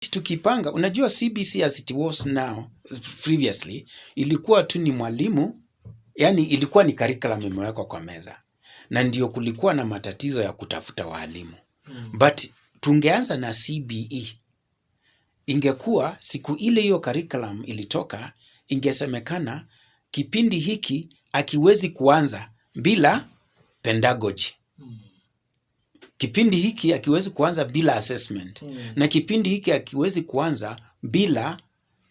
Tukipanga, unajua CBC as it was now, previously, ilikuwa tu ni mwalimu, yani ilikuwa ni curriculum imewekwa kwa meza. Na ndio kulikuwa na matatizo ya kutafuta walimu. Mm. But tungeanza na CBE. Ingekuwa siku ile hiyo curriculum ilitoka, ingesemekana kipindi hiki akiwezi kuanza bila pedagogy. Kipindi hiki hakiwezi kuanza bila assessment mm. na kipindi hiki hakiwezi kuanza bila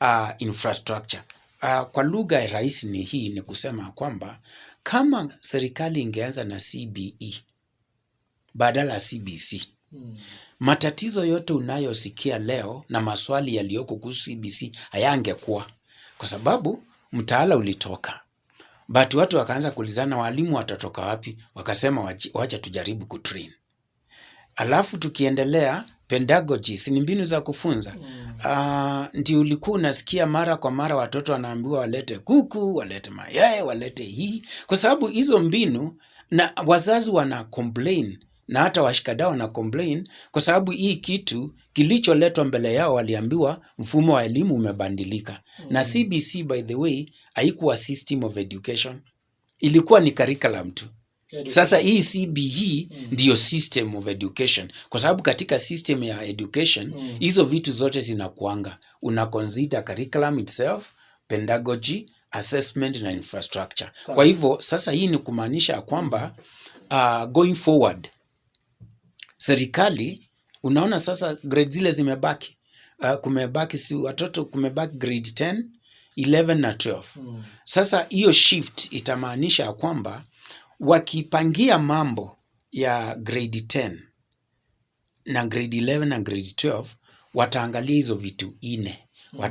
uh, infrastructure uh, kwa lugha rahisi ni hii ni kusema kwamba kama serikali ingeanza na CBE badala ya CBC mm. matatizo yote unayosikia leo na maswali yaliyoko kuhusu CBC hayangekuwa, kwa sababu mtaala ulitoka but watu wakaanza kuulizana, walimu watatoka wapi? Wakasema wacha tujaribu kutrain Alafu tukiendelea pedagogies ni mbinu za kufunza mm. Uh, ndio ulikuwa unasikia mara kwa mara watoto wanaambiwa walete kuku, walete mayai, walete hii, kwa sababu hizo mbinu, na wazazi wana complain na hata washikadau wana complain kwa sababu hii kitu kilicholetwa mbele yao waliambiwa mfumo wa elimu umebadilika mm. na CBC by the way haikuwa system of education, ilikuwa ni curriculum tu sasa hii CBE mm. ndiyo system of education, kwa sababu katika system ya education mm. hizo vitu zote zinakuanga, una consider curriculum itself, pedagogy, assessment na infrastructure. Kwa hivyo sasa hii ni kumaanisha ya kwamba uh, going forward serikali unaona sasa grade zile zimebaki, uh, kumebaki si watoto kumebaki grade 10, 11 na 12 mm. Sasa hiyo shift itamaanisha ya kwamba wakipangia mambo ya grade 10 na grade 11 na grade 12 wataangalia hizo vitu ine.